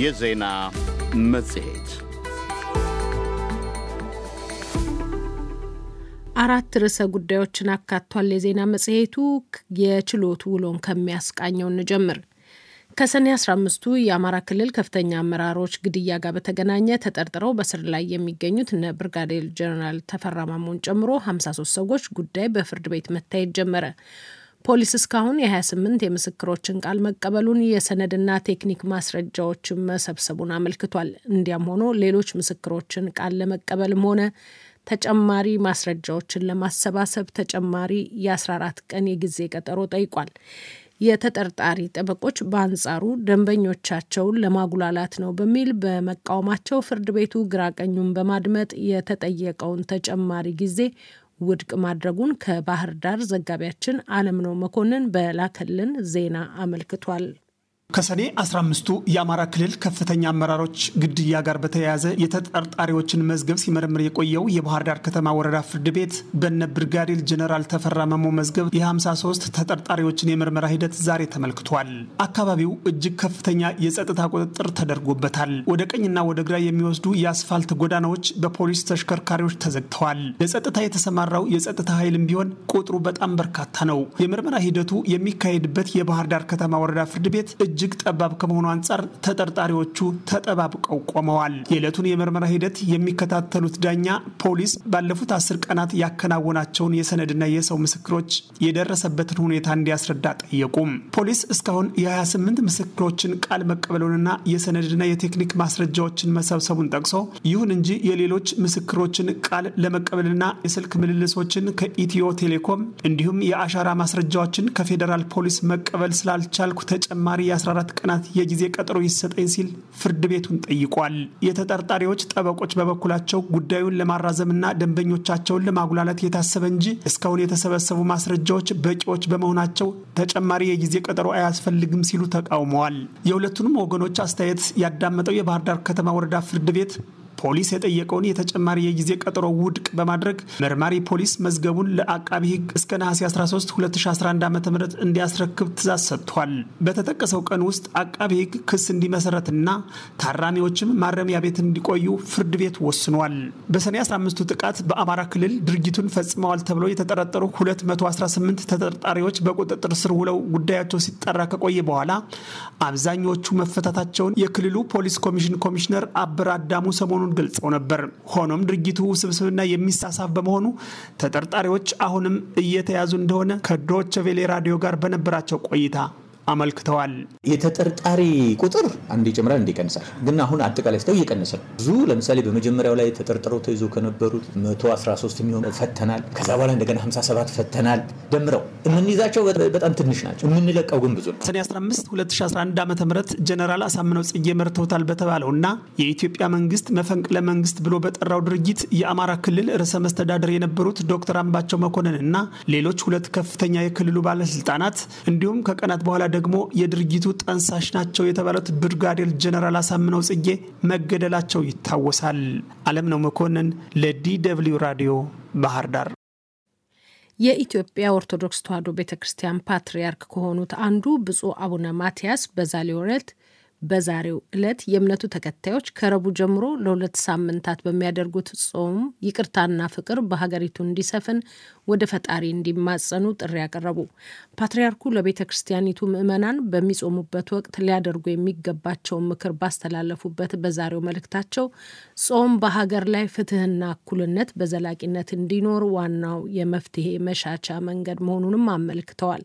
የዜና መጽሔት አራት ርዕሰ ጉዳዮችን አካቷል። የዜና መጽሔቱ የችሎት ውሎን ከሚያስቃኘው እንጀምር። ከሰኔ 15ቱ የአማራ ክልል ከፍተኛ አመራሮች ግድያ ጋር በተገናኘ ተጠርጥረው በስር ላይ የሚገኙት እነ ብርጋዴር ጀነራል ተፈራ ማሞን ጨምሮ 53 ሰዎች ጉዳይ በፍርድ ቤት መታየት ጀመረ። ፖሊስ እስካሁን የ28 የምስክሮችን ቃል መቀበሉን የሰነድና ቴክኒክ ማስረጃዎችን መሰብሰቡን አመልክቷል። እንዲያም ሆኖ ሌሎች ምስክሮችን ቃል ለመቀበልም ሆነ ተጨማሪ ማስረጃዎችን ለማሰባሰብ ተጨማሪ የ14 ቀን የጊዜ ቀጠሮ ጠይቋል። የተጠርጣሪ ጠበቆች በአንጻሩ ደንበኞቻቸውን ለማጉላላት ነው በሚል በመቃወማቸው ፍርድ ቤቱ ግራቀኙን በማድመጥ የተጠየቀውን ተጨማሪ ጊዜ ውድቅ ማድረጉን ከባህር ዳር ዘጋቢያችን አለምነው መኮንን በላከልን ዜና አመልክቷል። ከሰኔ 15ቱ የአማራ ክልል ከፍተኛ አመራሮች ግድያ ጋር በተያያዘ የተጠርጣሪዎችን መዝገብ ሲመረምር የቆየው የባህር ዳር ከተማ ወረዳ ፍርድ ቤት በነ ብርጋዴር ጀነራል ተፈራ መዝገብ የ53 ተጠርጣሪዎችን የምርመራ ሂደት ዛሬ ተመልክቷል። አካባቢው እጅግ ከፍተኛ የጸጥታ ቁጥጥር ተደርጎበታል። ወደ ቀኝና ወደ ግራ የሚወስዱ የአስፋልት ጎዳናዎች በፖሊስ ተሽከርካሪዎች ተዘግተዋል። ለጸጥታ የተሰማራው የጸጥታ ኃይልም ቢሆን ቁጥሩ በጣም በርካታ ነው። የምርመራ ሂደቱ የሚካሄድበት የባህር ዳር ከተማ ወረዳ ፍርድ ቤት እጅ እጅግ ጠባብ ከመሆኑ አንጻር ተጠርጣሪዎቹ ተጠባብቀው ቆመዋል። የዕለቱን የምርመራ ሂደት የሚከታተሉት ዳኛ ፖሊስ ባለፉት አስር ቀናት ያከናወናቸውን የሰነድና የሰው ምስክሮች የደረሰበትን ሁኔታ እንዲያስረዳ ጠየቁም። ፖሊስ እስካሁን የ28 ምስክሮችን ቃል መቀበሉንና የሰነድና የቴክኒክ ማስረጃዎችን መሰብሰቡን ጠቅሶ ይሁን እንጂ የሌሎች ምስክሮችን ቃል ለመቀበልና የስልክ ምልልሶችን ከኢትዮ ቴሌኮም እንዲሁም የአሻራ ማስረጃዎችን ከፌዴራል ፖሊስ መቀበል ስላልቻልኩ ተጨማሪ 14 ቀናት የጊዜ ቀጠሮ ይሰጠኝ ሲል ፍርድ ቤቱን ጠይቋል። የተጠርጣሪዎች ጠበቆች በበኩላቸው ጉዳዩን ለማራዘምና ደንበኞቻቸውን ለማጉላላት የታሰበ እንጂ እስካሁን የተሰበሰቡ ማስረጃዎች በቂዎች በመሆናቸው ተጨማሪ የጊዜ ቀጠሮ አያስፈልግም ሲሉ ተቃውመዋል። የሁለቱንም ወገኖች አስተያየት ያዳመጠው የባህር ዳር ከተማ ወረዳ ፍርድ ቤት ፖሊስ የጠየቀውን የተጨማሪ የጊዜ ቀጠሮ ውድቅ በማድረግ መርማሪ ፖሊስ መዝገቡን ለአቃቢ ሕግ እስከ ነሐሴ 13 2011 ዓ ም እንዲያስረክብ ትእዛዝ ሰጥቷል። በተጠቀሰው ቀን ውስጥ አቃቢ ሕግ ክስ እንዲመሰረትና ታራሚዎችም ማረሚያ ቤት እንዲቆዩ ፍርድ ቤት ወስኗል። በሰኔ 15ቱ ጥቃት በአማራ ክልል ድርጊቱን ፈጽመዋል ተብለው የተጠረጠሩ 218 ተጠርጣሪዎች በቁጥጥር ስር ውለው ጉዳያቸው ሲጠራ ከቆየ በኋላ አብዛኞቹ መፈታታቸውን የክልሉ ፖሊስ ኮሚሽን ኮሚሽነር አብር አዳሙ ሰሞኑን መሆኑን ገልጸው ነበር። ሆኖም ድርጊቱ ውስብስብና የሚሳሳፍ በመሆኑ ተጠርጣሪዎች አሁንም እየተያዙ እንደሆነ ከዶቸቬሌ ራዲዮ ጋር በነበራቸው ቆይታ አመልክተዋል። የተጠርጣሪ ቁጥር አንድ ይጨምራል እንዲ ይቀንሳል፣ ግን አሁን አጠቃላይ ስተው እየቀነሰ ነው። ብዙ ለምሳሌ በመጀመሪያው ላይ ተጠርጥረው ተይዞ ከነበሩት 113 የሚሆኑ ፈተናል። ከዛ በኋላ እንደገና 57 ፈተናል። ደምረው የምንይዛቸው በጣም ትንሽ ናቸው፣ የምንለቀው ግን ብዙ ነው። ሰኔ 15 2011 ዓ ም ጀነራል አሳምነው ጽጌ መርተውታል በተባለውና የኢትዮጵያ መንግስት መፈንቅለ መንግስት ብሎ በጠራው ድርጊት የአማራ ክልል ርዕሰ መስተዳደር የነበሩት ዶክተር አምባቸው መኮንን እና ሌሎች ሁለት ከፍተኛ የክልሉ ባለስልጣናት እንዲሁም ከቀናት በኋላ ደግሞ የድርጊቱ ጠንሳሽ ናቸው የተባሉት ብርጋዴር ጀነራል አሳምነው ጽጌ መገደላቸው ይታወሳል። አለም ነው መኮንን ለዲ ደብልዩ ራዲዮ ባህር ዳር። የኢትዮጵያ ኦርቶዶክስ ተዋሕዶ ቤተ ክርስቲያን ፓትርያርክ ከሆኑት አንዱ ብፁዕ አቡነ ማትያስ በዛሬው ዕለት በዛሬው ዕለት የእምነቱ ተከታዮች ከረቡ ጀምሮ ለሁለት ሳምንታት በሚያደርጉት ጾም ይቅርታና ፍቅር በሀገሪቱ እንዲሰፍን ወደ ፈጣሪ እንዲማጸኑ ጥሪ ያቀረቡ ፓትርያርኩ ለቤተ ክርስቲያኒቱ ምዕመናን በሚጾሙበት ወቅት ሊያደርጉ የሚገባቸውን ምክር ባስተላለፉበት በዛሬው መልእክታቸው ጾም በሀገር ላይ ፍትህና እኩልነት በዘላቂነት እንዲኖር ዋናው የመፍትሄ መሻቻ መንገድ መሆኑንም አመልክተዋል።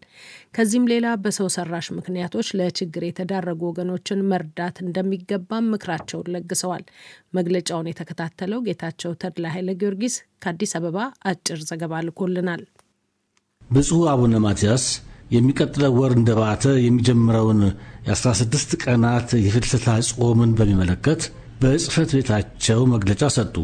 ከዚህም ሌላ በሰው ሰራሽ ምክንያቶች ለችግር የተዳረጉ ወገኖችን መርዳት እንደሚገባም ምክራቸውን ለግሰዋል። መግለጫውን የተከታተለው ጌታቸው ተድላ ኃይለ ጊዮርጊስ ከአዲስ አበባ አጭር ዘገባ ልኮልናል። ብፁዕ አቡነ ማትያስ የሚቀጥለው ወር እንደ ባተ የሚጀምረውን የ16 ቀናት የፍልሰታ ጾምን በሚመለከት በጽህፈት ቤታቸው መግለጫ ሰጡ።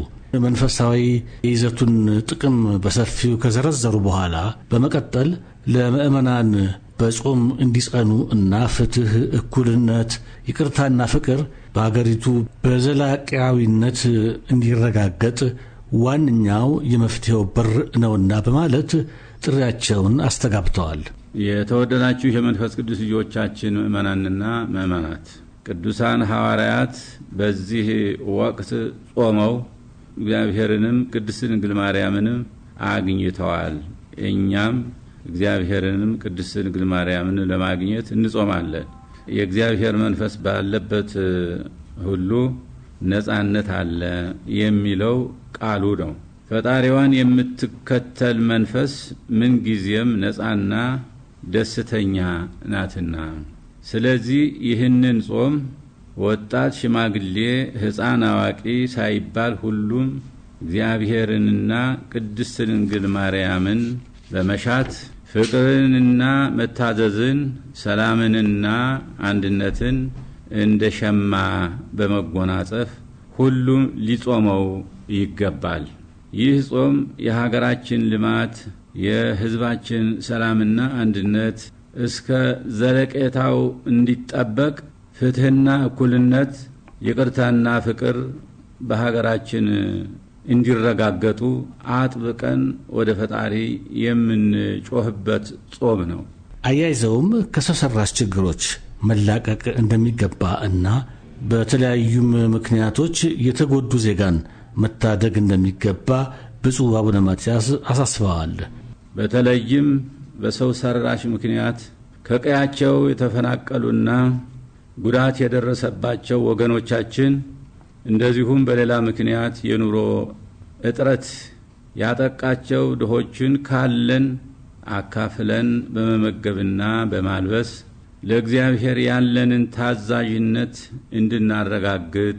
መንፈሳዊ የይዘቱን ጥቅም በሰፊው ከዘረዘሩ በኋላ በመቀጠል ለምእመናን በጾም እንዲጸኑ እና ፍትህ፣ እኩልነት፣ ይቅርታና ፍቅር በአገሪቱ በዘላቂያዊነት እንዲረጋገጥ ዋነኛው የመፍትሄው በር ነውና በማለት ጥሪያቸውን አስተጋብተዋል። የተወደዳችሁ የመንፈስ ቅዱስ ልጆቻችን ምእመናንና ምእመናት፣ ቅዱሳን ሐዋርያት በዚህ ወቅት ጾመው እግዚአብሔርንም ቅድስት ድንግል ማርያምንም አግኝተዋል። እኛም እግዚአብሔርንም ቅድስት ድንግል ማርያምን ለማግኘት እንጾማለን። የእግዚአብሔር መንፈስ ባለበት ሁሉ ነጻነት አለ የሚለው ቃሉ ነው። ፈጣሪዋን የምትከተል መንፈስ ምንጊዜም ነጻና ደስተኛ ናትና፣ ስለዚህ ይህንን ጾም ወጣት፣ ሽማግሌ፣ ህፃን አዋቂ ሳይባል ሁሉም እግዚአብሔርንና ቅድስት ድንግል ማርያምን በመሻት ፍቅርንና መታዘዝን ሰላምንና አንድነትን እንደ ሸማ በመጎናጸፍ ሁሉም ሊጾመው ይገባል። ይህ ጾም የሀገራችን ልማት፣ የህዝባችን ሰላምና አንድነት እስከ ዘለቄታው እንዲጠበቅ ፍትህና እኩልነት፣ ይቅርታና ፍቅር በሀገራችን እንዲረጋገጡ አጥብቀን ወደ ፈጣሪ የምንጮህበት ጾም ነው። አያይዘውም ከሰው ሰራሽ ችግሮች መላቀቅ እንደሚገባ እና በተለያዩም ምክንያቶች የተጎዱ ዜጋን መታደግ እንደሚገባ ብፁዕ አቡነ ማትያስ አሳስበዋል። በተለይም በሰው ሰራሽ ምክንያት ከቀያቸው የተፈናቀሉና ጉዳት የደረሰባቸው ወገኖቻችን እንደዚሁም በሌላ ምክንያት የኑሮ እጥረት ያጠቃቸው ድሆችን ካለን አካፍለን በመመገብና በማልበስ ለእግዚአብሔር ያለንን ታዛዥነት እንድናረጋግጥ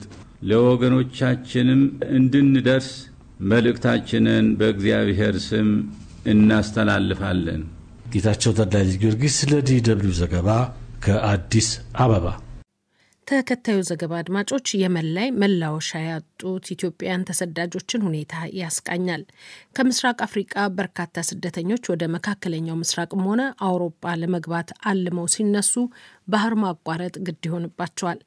ለወገኖቻችንም እንድንደርስ መልእክታችንን በእግዚአብሔር ስም እናስተላልፋለን። ጌታቸው ተድላ ጊዮርጊስ ለዲ ደብልዩ ዘገባ ከአዲስ አበባ ተከታዩ ዘገባ አድማጮች፣ የመን ላይ መላወሻ ያጡት ኢትዮጵያውያን ተሰዳጆችን ሁኔታ ያስቃኛል። ከምስራቅ አፍሪቃ በርካታ ስደተኞች ወደ መካከለኛው ምስራቅም ሆነ አውሮፓ ለመግባት አልመው ሲነሱ ባህር ማቋረጥ ግድ ይሆንባቸዋል።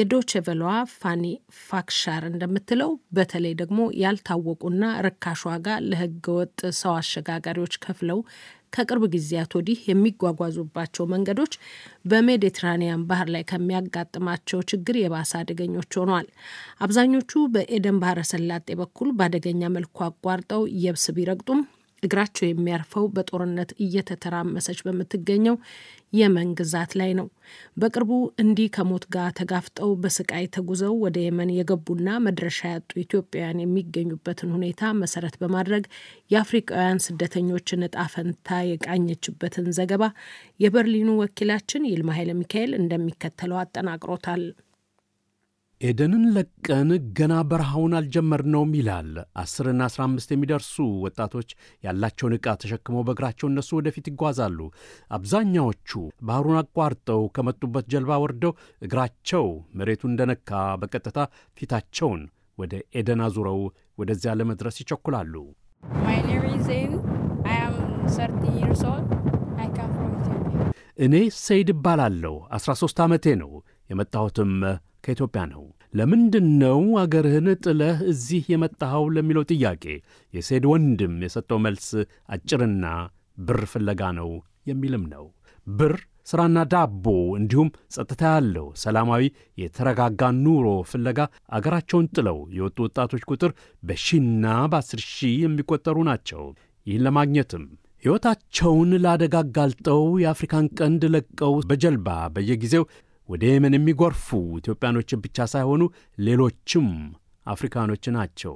የዶቼ ቬለዋ ፋኒ ፋክሻር እንደምትለው በተለይ ደግሞ ያልታወቁና ርካሽ ዋጋ ለህገወጥ ሰው አሸጋጋሪዎች ከፍለው ከቅርብ ጊዜያት ወዲህ የሚጓጓዙባቸው መንገዶች በሜዲትራኒያን ባህር ላይ ከሚያጋጥማቸው ችግር የባሰ አደገኞች ሆነዋል። አብዛኞቹ በኤደን ባህረ ሰላጤ በኩል በአደገኛ መልኩ አቋርጠው የብስ ቢረግጡም እግራቸው የሚያርፈው በጦርነት እየተተራመሰች በምትገኘው የመን ግዛት ላይ ነው። በቅርቡ እንዲህ ከሞት ጋር ተጋፍጠው በስቃይ ተጉዘው ወደ የመን የገቡና መድረሻ ያጡ ኢትዮጵያውያን የሚገኙበትን ሁኔታ መሰረት በማድረግ የአፍሪካውያን ስደተኞችን እጣ ፈንታ የቃኘችበትን ዘገባ የበርሊኑ ወኪላችን ይልማ ኃይለ ሚካኤል እንደሚከተለው አጠናቅሮታል። ኤደንን ለቀን ገና በረሃውን አልጀመርነውም ይላል። አስርና አስራ አምስት የሚደርሱ ወጣቶች ያላቸውን ዕቃ ተሸክመው በእግራቸው እነሱ ወደፊት ይጓዛሉ። አብዛኛዎቹ ባህሩን አቋርጠው ከመጡበት ጀልባ ወርደው እግራቸው መሬቱ እንደነካ በቀጥታ ፊታቸውን ወደ ኤደን አዙረው ወደዚያ ለመድረስ ይቸኩላሉ። እኔ ሰይድ እባላለሁ። 13 ዓመቴ ነው። የመጣሁትም ከኢትዮጵያ ነው። ለምንድን ነው አገርህን ጥለህ እዚህ የመጣኸው ለሚለው ጥያቄ የሴድ ወንድም የሰጠው መልስ አጭርና ብር ፍለጋ ነው የሚልም ነው። ብር፣ ሥራና ዳቦ እንዲሁም ጸጥታ ያለው ሰላማዊ የተረጋጋ ኑሮ ፍለጋ አገራቸውን ጥለው የወጡ ወጣቶች ቁጥር በሺና በአስር ሺህ የሚቆጠሩ ናቸው። ይህን ለማግኘትም ሕይወታቸውን ለአደጋ ጋልጠው የአፍሪካን ቀንድ ለቀው በጀልባ በየጊዜው ወደ የመን የሚጎርፉ ኢትዮጵያኖችን ብቻ ሳይሆኑ ሌሎችም አፍሪካኖች ናቸው።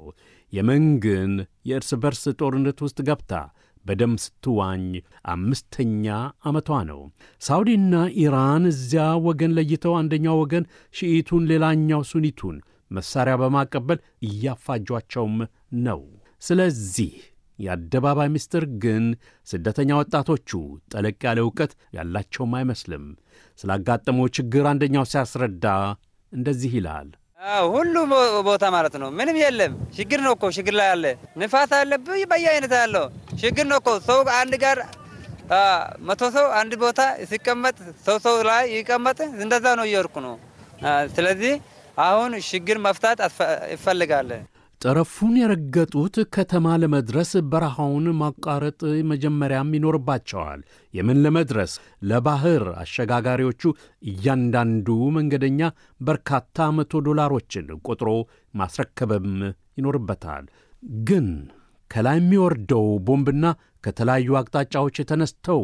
የመን ግን የእርስ በርስ ጦርነት ውስጥ ገብታ በደም ስትዋኝ አምስተኛ ዓመቷ ነው። ሳውዲና ኢራን እዚያ ወገን ለይተው አንደኛው ወገን ሽኢቱን፣ ሌላኛው ሱኒቱን መሳሪያ በማቀበል እያፋጇቸውም ነው። ስለዚህ የአደባባይ ምስጢር ግን ስደተኛ ወጣቶቹ ጠለቅ ያለ እውቀት ያላቸውም አይመስልም። ስላጋጠመው ችግር አንደኛው ሲያስረዳ እንደዚህ ይላል። ሁሉ ቦታ ማለት ነው። ምንም የለም። ችግር ነው እኮ ችግር ላይ አለ። ንፋት አለብህ በየአይነት ያለው ችግር ነው እኮ ሰው አንድ ጋር መቶ ሰው አንድ ቦታ ሲቀመጥ ሰው ሰው ላይ ይቀመጥ እንደዛ ነው እየወርኩ ነው። ስለዚህ አሁን ችግር መፍታት ይፈልጋለን። ጠረፉን የረገጡት ከተማ ለመድረስ በረሃውን ማቋረጥ መጀመሪያም ይኖርባቸዋል። የምን ለመድረስ ለባህር አሸጋጋሪዎቹ እያንዳንዱ መንገደኛ በርካታ መቶ ዶላሮችን ቆጥሮ ማስረከብም ይኖርበታል። ግን ከላይ የሚወርደው ቦምብና ከተለያዩ አቅጣጫዎች ተነስተው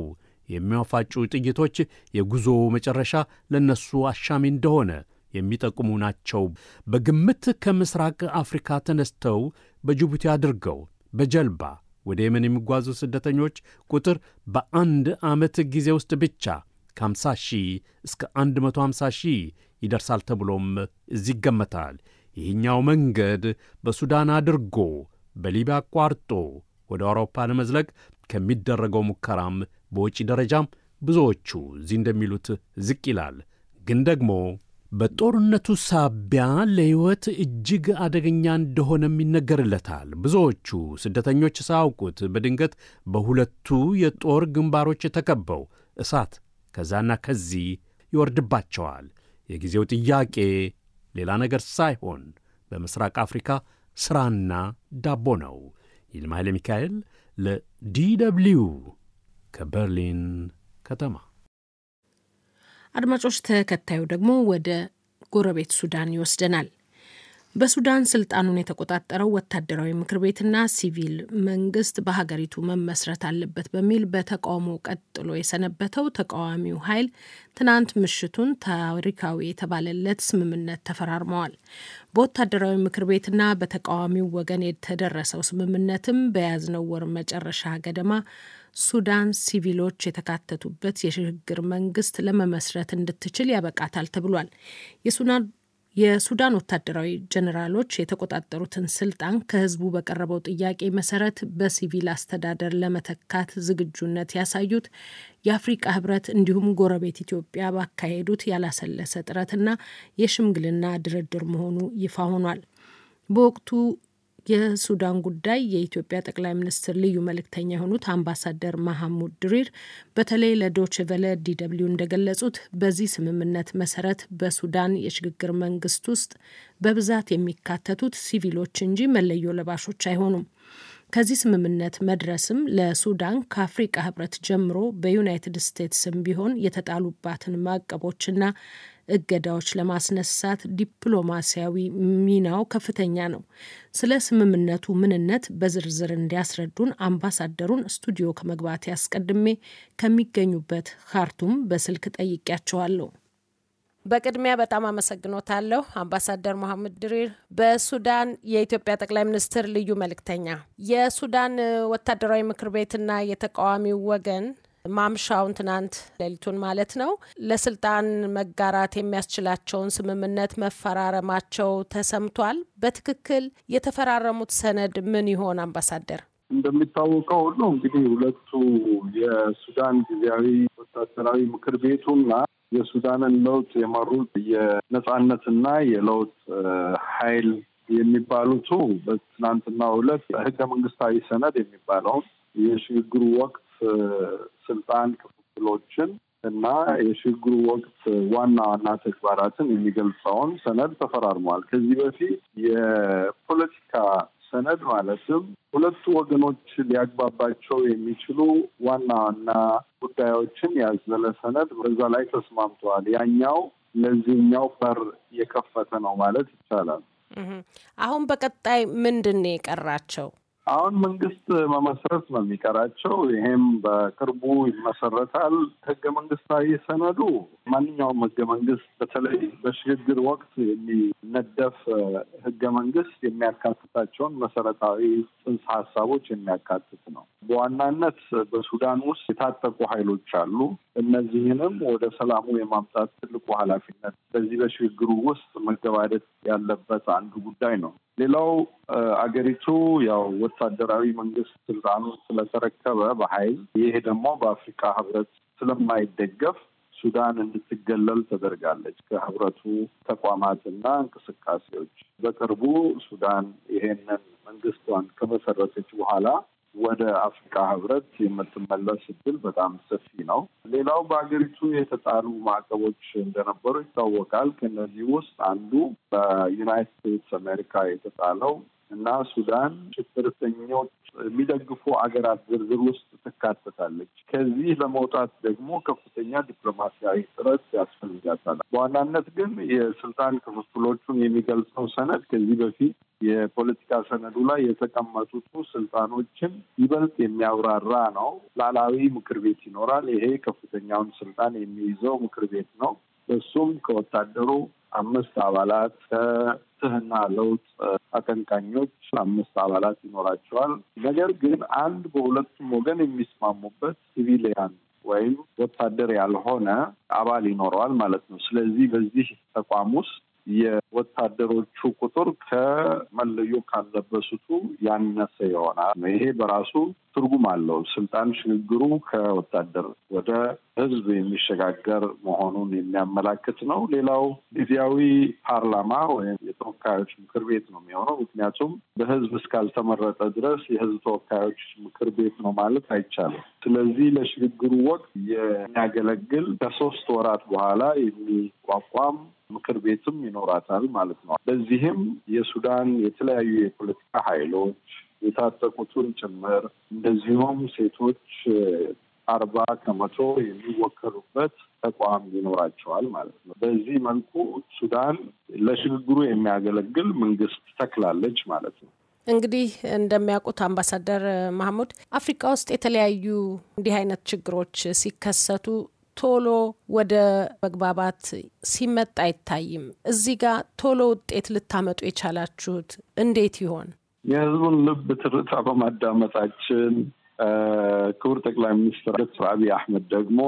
የሚያፋጩ ጥይቶች የጉዞ መጨረሻ ለእነሱ አሻሚ እንደሆነ የሚጠቁሙ ናቸው። በግምት ከምስራቅ አፍሪካ ተነስተው በጅቡቲ አድርገው በጀልባ ወደ የመን የሚጓዙ ስደተኞች ቁጥር በአንድ ዓመት ጊዜ ውስጥ ብቻ ከ50 ሺህ እስከ 150 ሺህ ይደርሳል ተብሎም እዚህ ይገመታል። ይህኛው መንገድ በሱዳን አድርጎ በሊቢያ አቋርጦ ወደ አውሮፓ ለመዝለቅ ከሚደረገው ሙከራም በውጪ ደረጃም ብዙዎቹ እዚህ እንደሚሉት ዝቅ ይላል። ግን ደግሞ በጦርነቱ ሳቢያ ለሕይወት እጅግ አደገኛ እንደሆነም ይነገርለታል። ብዙዎቹ ስደተኞች ሳያውቁት በድንገት በሁለቱ የጦር ግንባሮች ተከበው እሳት ከዛና ከዚህ ይወርድባቸዋል። የጊዜው ጥያቄ ሌላ ነገር ሳይሆን በምሥራቅ አፍሪካ ሥራና ዳቦ ነው። ይልማ ኃይለ ሚካኤል ለዲ ደብልዩ ከበርሊን ከተማ አድማጮች፣ ተከታዩ ደግሞ ወደ ጎረቤት ሱዳን ይወስደናል። በሱዳን ስልጣኑን የተቆጣጠረው ወታደራዊ ምክር ቤትና ሲቪል መንግስት በሀገሪቱ መመስረት አለበት በሚል በተቃውሞ ቀጥሎ የሰነበተው ተቃዋሚው ኃይል ትናንት ምሽቱን ታሪካዊ የተባለለት ስምምነት ተፈራርመዋል። በወታደራዊ ምክር ቤትና በተቃዋሚው ወገን የተደረሰው ስምምነትም በያዝነው ወር መጨረሻ ገደማ ሱዳን ሲቪሎች የተካተቱበት የሽግግር መንግስት ለመመስረት እንድትችል ያበቃታል ተብሏል። የሱዳን ወታደራዊ ጀኔራሎች የተቆጣጠሩትን ስልጣን ከህዝቡ በቀረበው ጥያቄ መሰረት በሲቪል አስተዳደር ለመተካት ዝግጁነት ያሳዩት የአፍሪቃ ህብረት እንዲሁም ጎረቤት ኢትዮጵያ ባካሄዱት ያላሰለሰ ጥረትና የሽምግልና ድርድር መሆኑ ይፋ ሆኗል። በወቅቱ የሱዳን ጉዳይ የኢትዮጵያ ጠቅላይ ሚኒስትር ልዩ መልእክተኛ የሆኑት አምባሳደር መሐሙድ ድሪር በተለይ ለዶችቨለ ዲደብሊው እንደገለጹት በዚህ ስምምነት መሰረት በሱዳን የሽግግር መንግስት ውስጥ በብዛት የሚካተቱት ሲቪሎች እንጂ መለዮ ለባሾች አይሆኑም። ከዚህ ስምምነት መድረስም ለሱዳን ከአፍሪቃ ህብረት ጀምሮ በዩናይትድ ስቴትስም ቢሆን የተጣሉባትን ማዕቀቦችና እገዳዎች ለማስነሳት ዲፕሎማሲያዊ ሚናው ከፍተኛ ነው። ስለ ስምምነቱ ምንነት በዝርዝር እንዲያስረዱን አምባሳደሩን ስቱዲዮ ከመግባት ያስቀድሜ ከሚገኙበት ካርቱም በስልክ ጠይቄያቸዋለሁ። በቅድሚያ በጣም አመሰግኖታለሁ አምባሳደር መሐመድ ድሪር፣ በሱዳን የኢትዮጵያ ጠቅላይ ሚኒስትር ልዩ መልእክተኛ። የሱዳን ወታደራዊ ምክር ቤትና የተቃዋሚው ወገን ማምሻውን ትናንት ሌሊቱን ማለት ነው ለስልጣን መጋራት የሚያስችላቸውን ስምምነት መፈራረማቸው ተሰምቷል። በትክክል የተፈራረሙት ሰነድ ምን ይሆን? አምባሳደር እንደሚታወቀው ሁሉ እንግዲህ ሁለቱ የሱዳን ጊዜያዊ ወታደራዊ ምክር ቤቱና የሱዳንን ለውጥ የመሩት የነጻነትና የለውጥ ኃይል የሚባሉቱ በትናንትና ሁለት ህገ መንግስታዊ ሰነድ የሚባለውን የሽግግሩ ወቅት ስልጣን ክፍፍሎችን እና የሽግግሩ ወቅት ዋና ዋና ተግባራትን የሚገልጸውን ሰነድ ተፈራርሟል። ከዚህ በፊት የፖለቲካ ሰነድ ማለትም ሁለቱ ወገኖች ሊያግባባቸው የሚችሉ ዋና ዋና ጉዳዮችን ያዘለ ሰነድ በዛ ላይ ተስማምተዋል። ያኛው ለዚህኛው በር የከፈተ ነው ማለት ይቻላል። አሁን በቀጣይ ምንድን ነው የቀራቸው? አሁን መንግስት መመስረት ነው የሚቀራቸው። ይሄም በቅርቡ ይመሰረታል። ህገ መንግስታዊ ሰነዱ ማንኛውም ህገ መንግስት በተለይ በሽግግር ወቅት የሚነደፍ ህገ መንግስት የሚያካትታቸውን መሰረታዊ ጽንሰ ሀሳቦች የሚያካትት ነው። በዋናነት በሱዳን ውስጥ የታጠቁ ኃይሎች አሉ። እነዚህንም ወደ ሰላሙ የማምጣት ትልቁ ኃላፊነት በዚህ በሽግግሩ ውስጥ መገባደድ ያለበት አንዱ ጉዳይ ነው። ሌላው አገሪቱ ያው ወታደራዊ መንግስት ስልጣኑን ስለተረከበ በኃይል ይሄ ደግሞ በአፍሪካ ህብረት ስለማይደገፍ ሱዳን እንድትገለል ተደርጋለች ከህብረቱ ተቋማትና እንቅስቃሴዎች። በቅርቡ ሱዳን ይሄንን መንግስቷን ከመሰረተች በኋላ ወደ አፍሪካ ህብረት የምትመለስ እድል በጣም ሰፊ ነው። ሌላው በሀገሪቱ የተጣሉ ማዕቀቦች እንደነበሩ ይታወቃል። ከእነዚህ ውስጥ አንዱ በዩናይትድ ስቴትስ አሜሪካ የተጣለው እና ሱዳን ሽብርተኞች የሚደግፉ አገራት ዝርዝር ውስጥ ትካተታለች። ከዚህ ለመውጣት ደግሞ ከፍተኛ ዲፕሎማሲያዊ ጥረት ያስፈልጋታል። በዋናነት ግን የስልጣን ክፍፍሎቹን የሚገልጸው ሰነድ ከዚህ በፊት የፖለቲካ ሰነዱ ላይ የተቀመጡት ስልጣኖችን ይበልጥ የሚያብራራ ነው። ላላዊ ምክር ቤት ይኖራል። ይሄ ከፍተኛውን ስልጣን የሚይዘው ምክር ቤት ነው። እሱም ከወታደሩ አምስት አባላት ከትህና ለውጥ አቀንቃኞች አምስት አባላት ይኖራቸዋል። ነገር ግን አንድ በሁለቱም ወገን የሚስማሙበት ሲቪሊያን ወይም ወታደር ያልሆነ አባል ይኖረዋል ማለት ነው። ስለዚህ በዚህ ተቋም ውስጥ የወታደሮቹ ቁጥር ከመለዮ ካለበሱቱ ያነሰ ይሆናል። ይሄ በራሱ ትርጉም አለው። ስልጣን ሽግግሩ ከወታደር ወደ ሕዝብ የሚሸጋገር መሆኑን የሚያመላክት ነው። ሌላው ጊዜያዊ ፓርላማ ወይም የተወካዮች ምክር ቤት ነው የሚሆነው። ምክንያቱም በሕዝብ እስካልተመረጠ ድረስ የሕዝብ ተወካዮች ምክር ቤት ነው ማለት አይቻልም። ስለዚህ ለሽግግሩ ወቅት የሚያገለግል ከሶስት ወራት በኋላ የሚቋቋም ምክር ቤትም ይኖራታል ማለት ነው። በዚህም የሱዳን የተለያዩ የፖለቲካ ኃይሎች የታጠቁትን ጭምር እንደዚሁም ሴቶች አርባ ከመቶ የሚወከሉበት ተቋም ይኖራቸዋል ማለት ነው። በዚህ መልኩ ሱዳን ለሽግግሩ የሚያገለግል መንግስት ተክላለች ማለት ነው። እንግዲህ እንደሚያውቁት አምባሳደር ማህሙድ አፍሪካ ውስጥ የተለያዩ እንዲህ አይነት ችግሮች ሲከሰቱ ቶሎ ወደ መግባባት ሲመጣ አይታይም። እዚህ ጋር ቶሎ ውጤት ልታመጡ የቻላችሁት እንዴት ይሆን? የህዝቡን ልብ ትርታ በማዳመጣችን ክቡር ጠቅላይ ሚኒስትር ዶክተር አብይ አህመድ ደግሞ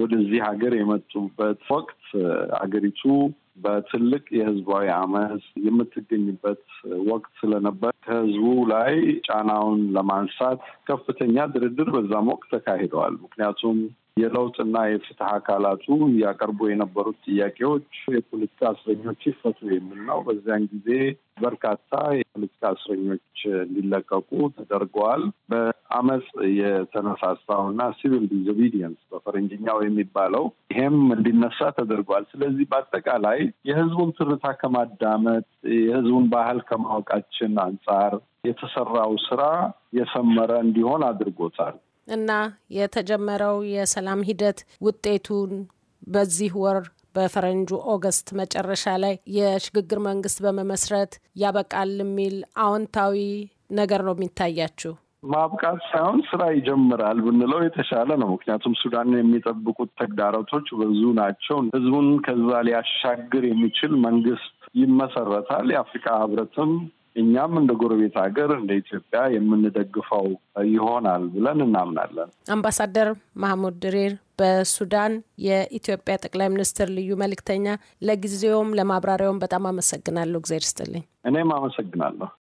ወደዚህ ሀገር የመጡበት ወቅት ሀገሪቱ በትልቅ የህዝባዊ አመፅ የምትገኝበት ወቅት ስለነበር ከህዝቡ ላይ ጫናውን ለማንሳት ከፍተኛ ድርድር በዛም ወቅት ተካሂደዋል። ምክንያቱም የለውጥና የፍትህ አካላቱ እያቀርቡ የነበሩት ጥያቄዎች የፖለቲካ እስረኞች ይፈቱ የሚል ነው። በዚያን ጊዜ በርካታ የፖለቲካ እስረኞች እንዲለቀቁ ተደርገዋል። በአመፅ የተነሳሳው እና ሲቪል ዲስኦቢዲየንስ በፈረንጅኛው የሚባለው ይሄም እንዲነሳ ተደርጓል። ስለዚህ በአጠቃላይ የህዝቡን ትርታ ከማዳመጥ የህዝቡን ባህል ከማወቃችን አንጻር የተሰራው ስራ የሰመረ እንዲሆን አድርጎታል። እና የተጀመረው የሰላም ሂደት ውጤቱን በዚህ ወር በፈረንጁ ኦገስት መጨረሻ ላይ የሽግግር መንግስት በመመስረት ያበቃል የሚል አዎንታዊ ነገር ነው የሚታያችሁ? ማብቃት ሳይሆን ስራ ይጀምራል ብንለው የተሻለ ነው። ምክንያቱም ሱዳን የሚጠብቁት ተግዳሮቶች ብዙ ናቸው። ህዝቡን ከዛ ሊያሻግር የሚችል መንግስት ይመሰረታል። የአፍሪካ ህብረትም እኛም እንደ ጎረቤት ሀገር እንደ ኢትዮጵያ የምንደግፈው ይሆናል ብለን እናምናለን። አምባሳደር ማህሙድ ድሪር በሱዳን የኢትዮጵያ ጠቅላይ ሚኒስትር ልዩ መልእክተኛ፣ ለጊዜውም ለማብራሪያውም በጣም አመሰግናለሁ። እግዜር ይስጥልኝ። እኔም አመሰግናለሁ።